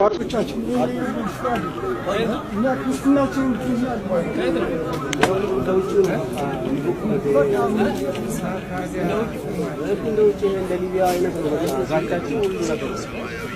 Artık açın. İnak üstünü açın. Nedir? Zaten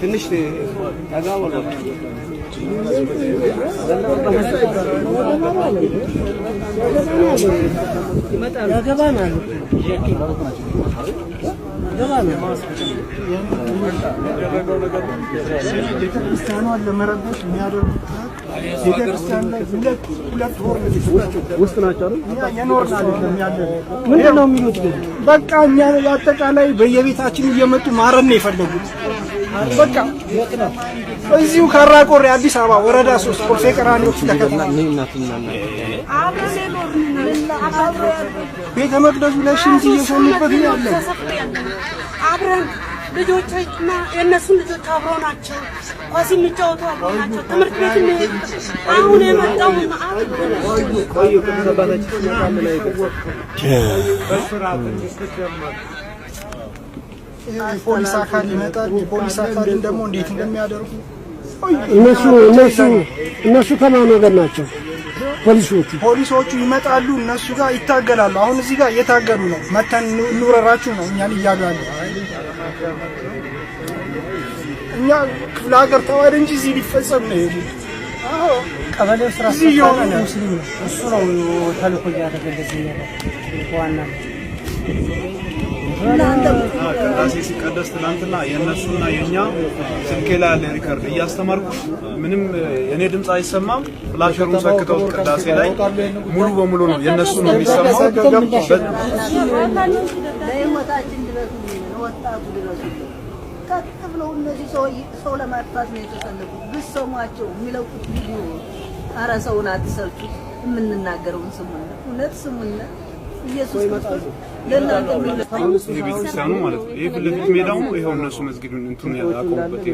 ትንሽ ቤተክርስቲያኗን ለመረበሽ የሚያደርጉት ቤተክርስቲያን ላይ ሁለት ውስጥ ናቸው። የኖርን አይደለም ያለ ምንድን ነው የሚሉት? በቃ አጠቃላይ በየቤታችን እየመጡ ማረን ነው የፈለጉት። በቃ እዚሁ ካራቆሬ አዲስ አበባ ወረዳ ሶስት ኮልፌ ቀራኒዎች ተከተለ ቤተ መቅደሱ ላይ ሽንት እየሸኑበት ያለ አብረን ልጆችና የእነሱን ልጆች አብሮ ናቸው። ኳስ የሚጫወቱ አብሮ ናቸው። ትምህርት ቤት የሚሄዱ አሁን የመጣው ማአት የፖሊስ አካል ይመጣል። የፖሊስ አካልን ደግሞ እንዴት እንደሚያደርጉ እነሱ እነሱ እነሱ ከማን ወገን ናቸው? ፖሊሶቹ ፖሊሶቹ ይመጣሉ፣ እነሱ ጋር ይታገላሉ። አሁን እዚህ ጋር እየታገሉ ነው። መተን እንውረራችሁ ነው እኛን እያሉ ያሉ። እኛ ክፍለ ሀገር ተዋደ እንጂ እዚህ ሊፈጸም ነው ይሄ ቀበሌው ስራ እዚህ እየሆነ ነው። እሱ ነው ተልእኮ እያደረገ እንደዚህ ነው ቅዳሴ ሲቀደስ ትናንትና የእነሱና የእኛ ስልኬ ላይ ያለ ሪከርድ እያስተማርኩ ምንም የእኔ ድምፅ አይሰማም። ፍላሸሩን ሰክተው ቅዳሴ ላይ ሙሉ በሙሉ ነው የእነሱ ነው የሚሰማው። ቀጥ ብለው እነዚህ ሰው ለማጥፋት ነው የተሰለፉት። ብትሰሟቸው የሚለቁት ቪዲዮ፣ ኧረ ሰውን አትሰልቱ። የምንናገረውን ስሙና፣ እውነት ስሙና ኢየሱስ የቤተክርስቲያኑ ማለት ነው። ይሄ ፊት ለፊት ሜዳው ይኸው እነሱ መስጊዱን እንትን ያቆሙበት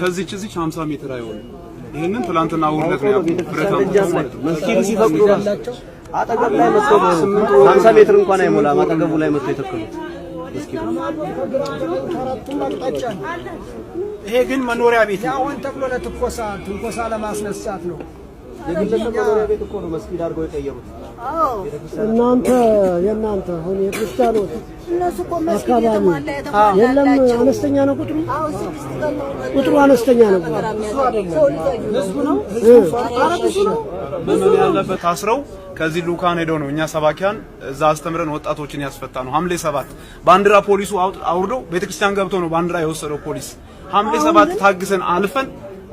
ከዚች እዚች 50 ሜትር አይሆንም። ይሄንን ትላንትና ውርደት ነው ያቆሙት። መስጊዱ ሲፈቅዱ ራሳቸው ላይ መጥተው 50 ሜትር እንኳን አይሞላም። አጠገቡ ላይ መጥተው የተከሉት ይሄ ግን መኖሪያ ቤት ነው። አሁን ተብሎ ለትንኮሳ ለማስነሳት ነው። እናንተ የእናንተ ሁን የክርስቲያኖች አካባቢ የለም። አነስተኛ ነው ቁጥሩ፣ ቁጥሩ አነስተኛ ነው። መኖር ያለበት አስረው ከዚህ ልኡካን ሄደው ነው። እኛ ሰባኪያን እዛ አስተምረን ወጣቶችን ያስፈታ ነው። ሐምሌ ሰባት ባንዲራ ፖሊሱ አውርዶ ቤተክርስቲያን ገብቶ ነው ባንዲራ የወሰደው ፖሊስ። ሐምሌ ሰባት ታግሰን አልፈን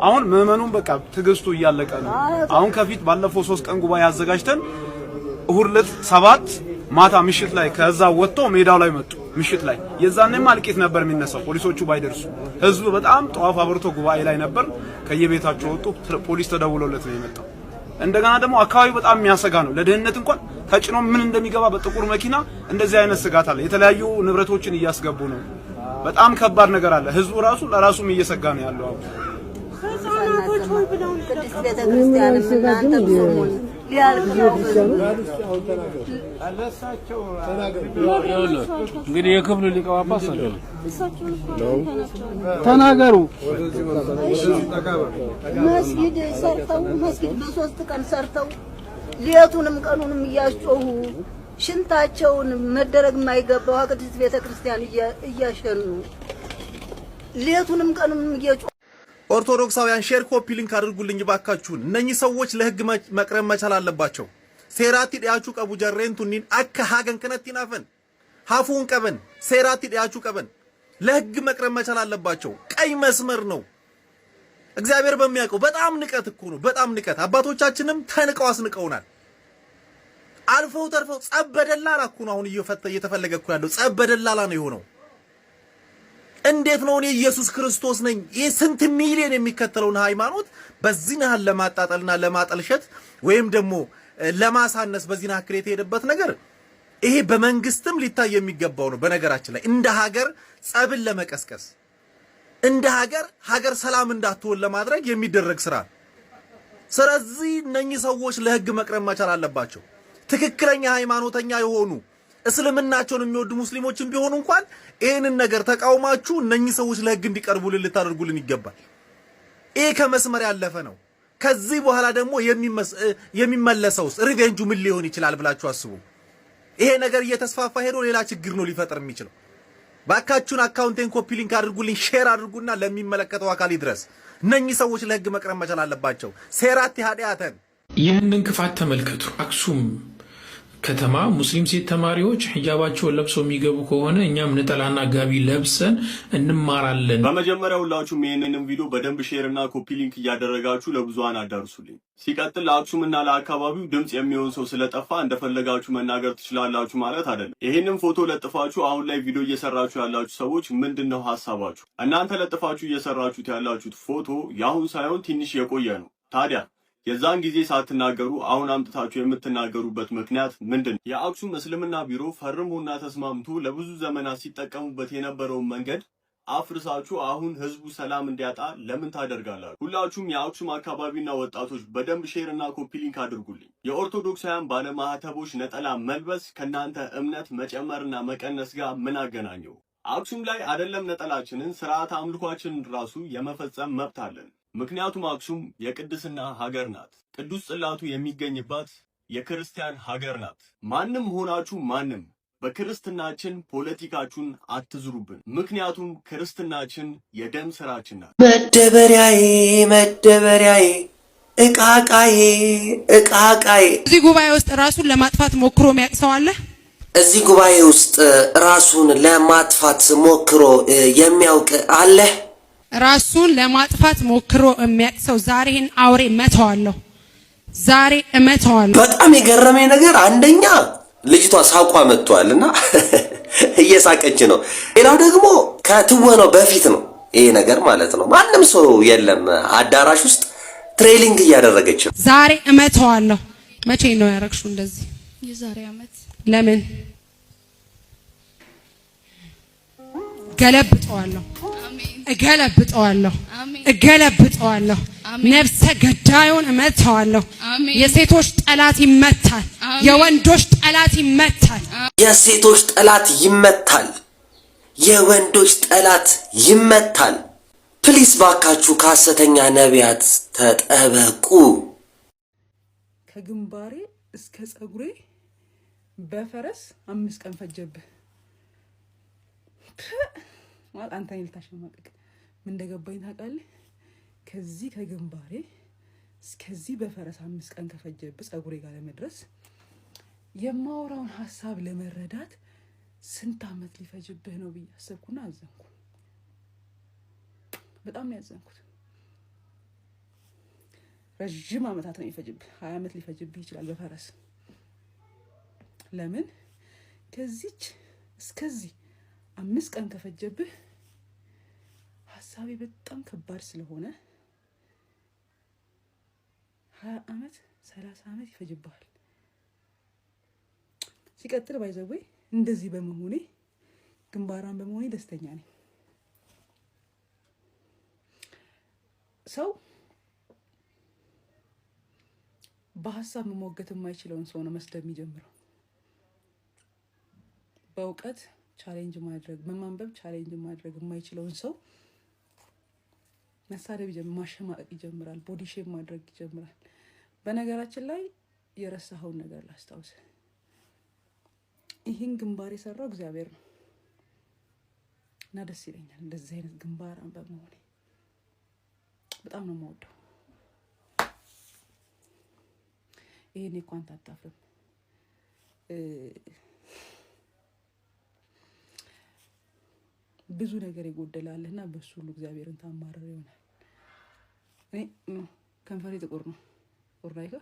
አሁን ምዕመኑን በቃ ትግስቱ እያለቀ ነው። አሁን ከፊት ባለፈው ሶስት ቀን ጉባኤ አዘጋጅተን እሁድ ዕለት ሰባት ማታ ምሽት ላይ ከዛ ወጥቶ ሜዳው ላይ መጡ። ምሽት ላይ የዛኔም አልቂት ነበር የሚነሳው ፖሊሶቹ ባይደርሱ። ህዝቡ በጣም ጠዋፍ አብርቶ ጉባኤ ላይ ነበር። ከየቤታቸው ወጡ። ፖሊስ ተደውሎለት ነው የመጣው። እንደገና ደግሞ አካባቢው በጣም የሚያሰጋ ነው። ለደህንነት እንኳን ተጭኖ ምን እንደሚገባ በጥቁር መኪና እንደዚህ አይነት ስጋት አለ። የተለያዩ ንብረቶችን እያስገቡ ነው። በጣም ከባድ ነገር አለ። ህዝቡ ራሱ ለራሱም እየሰጋ ነው ያለው። ቅድስት እንግዲህ የክፍሉ ሊቀ ጳጳስ ተናገሩ። መስጊድ ሰርተው መስጊድ በሶስት ቀን ሰርተው ሌቱንም ቀኑንም እያስጮሁ ሽንታቸውን መደረግ የማይገባው ቅድስት ቤተክርስቲያን እያሸኑ ሌቱንም ቀኑንም እየጮሁ ኦርቶዶክሳውያን ሼር ኮፒ ሊንክ አድርጉልኝ ባካችሁን። እነኚህ ሰዎች ለህግ መቅረብ መቻል አለባቸው። ሴራቲ ዲያቹ ቀቡ ጀሬንቱኒን አከ ሀገን ክነቲን አፈን ሀፉን ቀበን ሴራቲ ዲያቹ ቀበን ለህግ መቅረብ መቻል አለባቸው። ቀይ መስመር ነው። እግዚአብሔር በሚያውቀው በጣም ንቀት እኮ ነው። በጣም ንቀት። አባቶቻችንም ተንቀው አስንቀውናል። አልፈው ተርፈው ጸብ በደላላ እኮ ነው አሁን እየፈተ እየተፈለገ እኮ ያለው ጸብ በደላላ ነው የሆነው። እንዴት ነው እኔ ኢየሱስ ክርስቶስ ነኝ ይህ ስንት ሚሊዮን የሚከተለውን ሃይማኖት በዚህ ናህል ለማጣጠልና ለማጠልሸት ወይም ደግሞ ለማሳነስ በዚህ ናክል የተሄደበት ነገር ይሄ በመንግስትም ሊታይ የሚገባው ነው። በነገራችን ላይ እንደ ሀገር ጸብን ለመቀስቀስ እንደ ሀገር ሀገር ሰላም እንዳትሆን ለማድረግ የሚደረግ ስራ። ስለዚህ እነኚህ ሰዎች ለህግ መቅረብ መቻል አለባቸው። ትክክለኛ ሃይማኖተኛ የሆኑ እስልምናቸውን የሚወዱ ሙስሊሞችን ቢሆኑ እንኳን ይህንን ነገር ተቃውማችሁ እነኚህ ሰዎች ለህግ እንዲቀርቡልን ልታደርጉልን ይገባል። ይህ ከመስመር ያለፈ ነው። ከዚህ በኋላ ደግሞ የሚመለሰውስ ሪቬንጁ ምን ሊሆን ይችላል ብላችሁ አስቡ። ይሄ ነገር እየተስፋፋ ሄዶ ሌላ ችግር ነው ሊፈጥር የሚችለው። ባካችሁን አካውንቴን ኮፒ ሊንክ አድርጉልኝ፣ ሼር አድርጉና ለሚመለከተው አካል ይድረስ። እነኚህ ሰዎች ለህግ መቅረብ መቻል አለባቸው። ሴራት ያህዳያተን ይህንን ክፋት ተመልከቱ። አክሱም ከተማ ሙስሊም ሴት ተማሪዎች ሂጃባቸውን ለብሰው የሚገቡ ከሆነ እኛም ነጠላና ጋቢ ለብሰን እንማራለን። በመጀመሪያ ሁላችሁም ይህንንም ቪዲዮ በደንብ ሼር እና ኮፒ ሊንክ እያደረጋችሁ ለብዙሃን አዳርሱልኝ። ሲቀጥል ለአክሱም እና ለአካባቢው ድምፅ የሚሆን ሰው ስለጠፋ እንደፈለጋችሁ መናገር ትችላላችሁ ማለት አይደለም። ይህንም ፎቶ ለጥፋችሁ አሁን ላይ ቪዲዮ እየሰራችሁ ያላችሁ ሰዎች ምንድን ነው ሀሳባችሁ? እናንተ ለጥፋችሁ እየሰራችሁት ያላችሁት ፎቶ የአሁን ሳይሆን ትንሽ የቆየ ነው። ታዲያ የዛን ጊዜ ሳትናገሩ አሁን አምጥታችሁ የምትናገሩበት ምክንያት ምንድን ነው? የአክሱም እስልምና ቢሮ ፈርሞና ተስማምቶ ለብዙ ዘመናት ሲጠቀሙበት የነበረውን መንገድ አፍርሳችሁ አሁን ህዝቡ ሰላም እንዲያጣ ለምን ታደርጋላችሁ? ሁላችሁም የአክሱም አካባቢና ወጣቶች በደንብ ሼርና ኮፒሊንክ አድርጉልኝ። የኦርቶዶክሳውያን ባለማህተቦች ነጠላ መልበስ ከእናንተ እምነት መጨመርና መቀነስ ጋር ምን አገናኘው? አክሱም ላይ አደለም ነጠላችንን ስርዓት አምልኳችንን ራሱ የመፈጸም መብት አለን። ምክንያቱም አክሱም የቅድስና ሀገር ናት። ቅዱስ ጽላቱ የሚገኝባት የክርስቲያን ሀገር ናት። ማንም ሆናችሁ ማንም በክርስትናችን ፖለቲካችሁን አትዝሩብን። ምክንያቱም ክርስትናችን የደም ስራችን ናት። መደበሪያዬ መደበሪያዬ እቃቃዬ እቃቃዬ። እዚህ ጉባኤ ውስጥ ራሱን ለማጥፋት ሞክሮ የሚያውቅ ሰው አለ? እዚህ ጉባኤ ውስጥ ራሱን ለማጥፋት ሞክሮ የሚያውቅ አለ? ራሱን ለማጥፋት ሞክሮ የሚያቅ ሰው ዛሬ አውሬ እመተዋለሁ፣ ዛሬ እመተዋለሁ። በጣም የገረመኝ ነገር አንደኛ ልጅቷ ሳቋ መጥቷል እና እየሳቀች ነው። ሌላው ደግሞ ከትወነው በፊት ነው ይሄ ነገር ማለት ነው። ማንም ሰው የለም አዳራሽ ውስጥ ትሬሊንግ እያደረገች ነው። ዛሬ እመተዋለሁ። መቼ ነው ያረግሽው እንደዚህ? የዛሬ አመት። ለምን ገለብጠዋለሁ እገለብጠዋለሁ እገለብጠዋለሁ። ነፍሰ ገዳዩን እመታዋለሁ። የሴቶች ጠላት ይመታል። የወንዶች ጠላት ይመታል። የሴቶች ጠላት ይመታል። የወንዶች ጠላት ይመታል። ፕሊስ ባካችሁ ከሐሰተኛ ነቢያት ተጠበቁ። ከግንባሬ እስከ ጸጉሬ በፈረስ አምስት ቀን ፈጀብህ። ማለት አንተ ልታሸማቀቅ ምን እንደገባኝ ታውቃለህ? ከዚህ ከግንባሬ እስከዚህ በፈረስ አምስት ቀን ከፈጀብህ ጸጉሬ ጋር ለመድረስ የማወራውን ሀሳብ ለመረዳት ስንት አመት ሊፈጅብህ ነው ብዬ አሰብኩና አዘንኩ። በጣም ነው ያዘንኩት። ረዥም ነው የሚፈጅብህ። ሀያ ዓመት ሊፈጅብህ ይችላል በፈረስ ለምን ከዚች እስከዚህ አምስት ቀን ከፈጀብህ ሀሳቤ በጣም ከባድ ስለሆነ ሀያ አመት ሰላሳ አመት ይፈጅብሃል። ሲቀጥል ባይዘዌ እንደዚህ በመሆኔ ግንባራን በመሆኔ ደስተኛ ነኝ። ሰው በሀሳብ መሞገት የማይችለውን ሰው ነው መስደብ የሚጀምረው። በእውቀት ቻሌንጅ ማድረግ በማንበብ ቻሌንጅ ማድረግ የማይችለውን ሰው መሳደብ ይጀምራል፣ ማሸማቀቅ ይጀምራል፣ ቦዲሼም ማድረግ ይጀምራል። በነገራችን ላይ የረሳኸውን ነገር ላስታውስ፣ ይህን ግንባር የሰራው እግዚአብሔር ነው እና ደስ ይለኛል እንደዚህ አይነት ግንባር በመሆኔ በጣም ነው የማወደው። ይህን እኮ አታፍርም ብዙ ነገር ይጎደላል እና በሱ ሁሉ እግዚአብሔርን ታማረር ይሆናል። እኔ ከንፈሬ ጥቁር ነው። ቁርናይቶ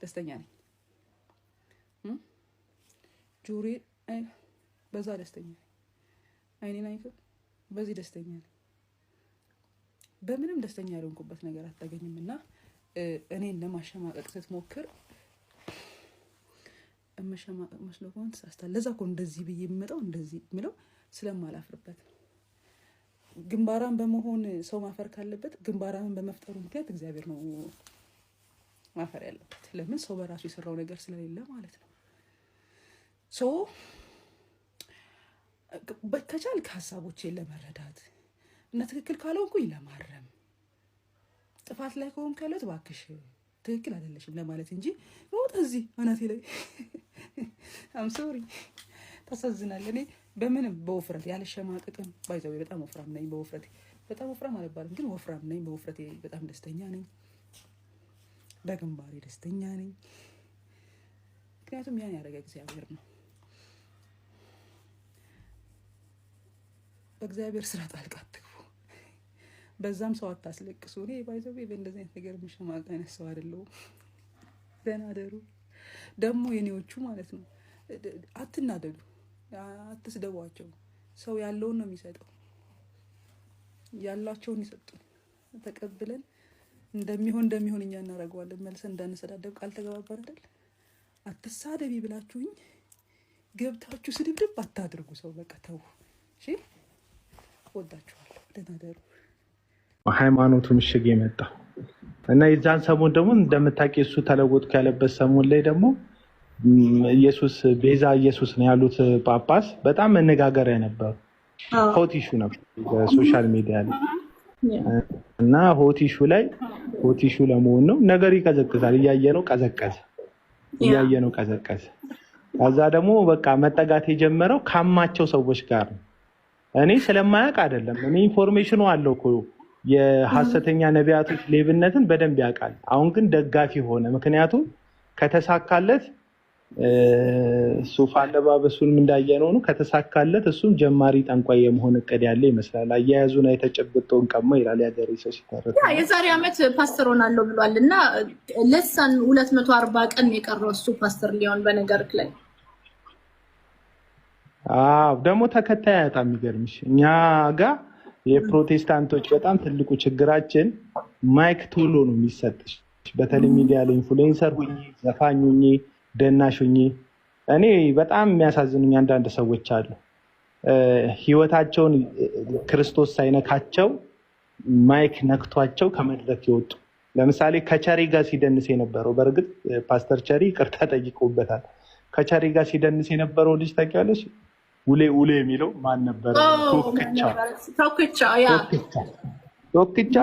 ደስተኛ ነኝ። ጆሬ በዛ ደስተኛ ነኝ። አይኔን በዚህ ደስተኛ ነኝ። በምንም ደስተኛ ያልሆንኩበት ነገር አታገኝም። እና እኔን ለማሸማቀቅ ስትሞክር መሸማቀቅ መስሎ ከሆን ተሳስታል። ለዛ እኮ እንደዚህ ብዬ የምመጣው እንደዚህ ምለው ስለማላፍርበት ነው። ግንባራን በመሆን ሰው ማፈር ካለበት ግንባራን በመፍጠሩ ምክንያት እግዚአብሔር ነው ማፈር ያለበት። ለምን? ሰው በራሱ የሰራው ነገር ስለሌለ ማለት ነው። ሶ ከቻልክ ሀሳቦቼን ለመረዳት እና ትክክል ካልሆንኩኝ ለማረም ጥፋት ላይ ከሆን ከለት እባክሽ ትክክል አይደለሽም ለማለት እንጂ በውጣ እዚህ እውነቴ ላይ አምሶሪ ታሳዝናል እኔ በምንም በውፍረት ያለ ሸማቅጥም ባይዘው በጣም ወፍራም ነኝ። በውፍረቴ በጣም ወፍራም አልባልም፣ ግን ወፍራም ነኝ። በውፍረቴ በጣም ደስተኛ ነኝ። በግንባሬ ደስተኛ ነኝ። ምክንያቱም ያን ያደረገ እግዚአብሔር ነው። በእግዚአብሔር ስራ ጣልቃ አትግቡ። በዛም ሰው አታስለቅሱ። እኔ ባይዘው በእንደዚህ አይነት ነገር ምሸማቅ አይነት ሰው አይደለሁም። ደህና ደሩ ደግሞ የኔዎቹ ማለት ነው። አትናደዱ አትስደቧቸው። ሰው ያለውን ነው የሚሰጠው። ያላቸውን ይሰጡ ተቀብለን እንደሚሆን እንደሚሆን እኛ እናደርገዋለን። መልሰን እንዳንሰዳደብ ቃል ተገባባን አይደል? አትሳደቢ ብላችሁኝ ገብታችሁ ስድብድብ አታድርጉ። ሰው በቃ ተው። እሺ፣ ወዳችኋለሁ። ደህና ደሩ። ሃይማኖቱ ምሽግ የመጣው እና የዛን ሰሞን ደግሞ እንደምታውቂ እሱ ተለወጥኩ ያለበት ሰሞን ላይ ደግሞ ኢየሱስ ቤዛ ኢየሱስ ነው ያሉት ጳጳስ በጣም መነጋገሪያ ነበሩ። ሆት ኢሹ ነበር በሶሻል ሚዲያ ላይ እና ሆት ኢሹ ላይ ሆት ለመሆን ነው ነገር ይቀዘቅዛል። እያየ ነው ቀዘቀዘ፣ እያየ ነው ቀዘቀዘ። ከዛ ደግሞ በቃ መጠጋት የጀመረው ካማቸው ሰዎች ጋር ነው። እኔ ስለማያውቅ አይደለም። እኔ ኢንፎርሜሽኑ አለው እኮ የሐሰተኛ ነቢያቶች ሌብነትን በደንብ ያውቃል። አሁን ግን ደጋፊ ሆነ። ምክንያቱም ከተሳካለት ሱፍ አለባበሱንም እንዳየነው ነው። ከተሳካለት እሱም ጀማሪ ጠንቋይ የመሆን እቅድ ያለ ይመስላል። አያያዙን የተጨብጠውን ቀማ ይላል የሀገሬ ሰው ሲተርት የዛሬ ዓመት ፓስተር ሆናለሁ ብሏል እና ለሳን ሁለት መቶ አርባ ቀን የቀረው እሱ ፓስተር ሊሆን በነገር ላይ አዎ ደግሞ ተከታይ አያጣ። የሚገርምሽ እኛ ጋ የፕሮቴስታንቶች በጣም ትልቁ ችግራችን ማይክ ቶሎ ነው የሚሰጥሽ። በተለይ ሚዲያ ላይ ኢንፍሉዌንሰር ሁኜ ዘፋኝ ሁኜ ደናሽ እኔ በጣም የሚያሳዝኑኝ አንዳንድ ሰዎች አሉ ህይወታቸውን ክርስቶስ ሳይነካቸው ማይክ ነክቷቸው ከመድረክ ይወጡ ለምሳሌ ከቸሪ ጋር ሲደንስ የነበረው በእርግጥ ፓስተር ቸሪ ቅርታ ጠይቁበታል። ከቸሪ ጋር ሲደንስ የነበረው ልጅ ታውቂያለሽ? ውሌ ውሌ የሚለው ማን ነበረ? ቶክቻ ቶክቻ።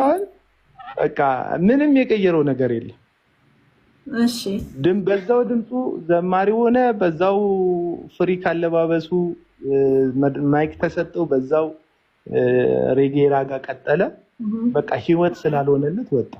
በቃ ምንም የቀየረው ነገር የለም። በዛው ድምፁ ዘማሪ ሆነ፣ በዛው ፍሪ ካለባበሱ ማይክ ተሰጠው፣ በዛው ሬጌራ ጋር ቀጠለ። በቃ ህይወት ስላልሆነለት ወጣ።